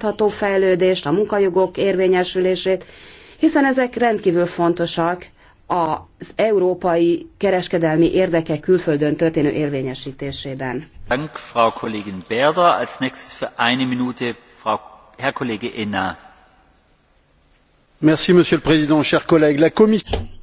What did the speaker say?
fenntartható fejlődést, a munkajogok érvényesülését, hiszen ezek rendkívül fontosak az európai kereskedelmi érdekek külföldön történő érvényesítésében. Dank, Frau Kollegin Berda, Als nächstes für eine Minute Frau, Herr Kollege Enna. Merci, Monsieur le Président, chers collègues. La Commission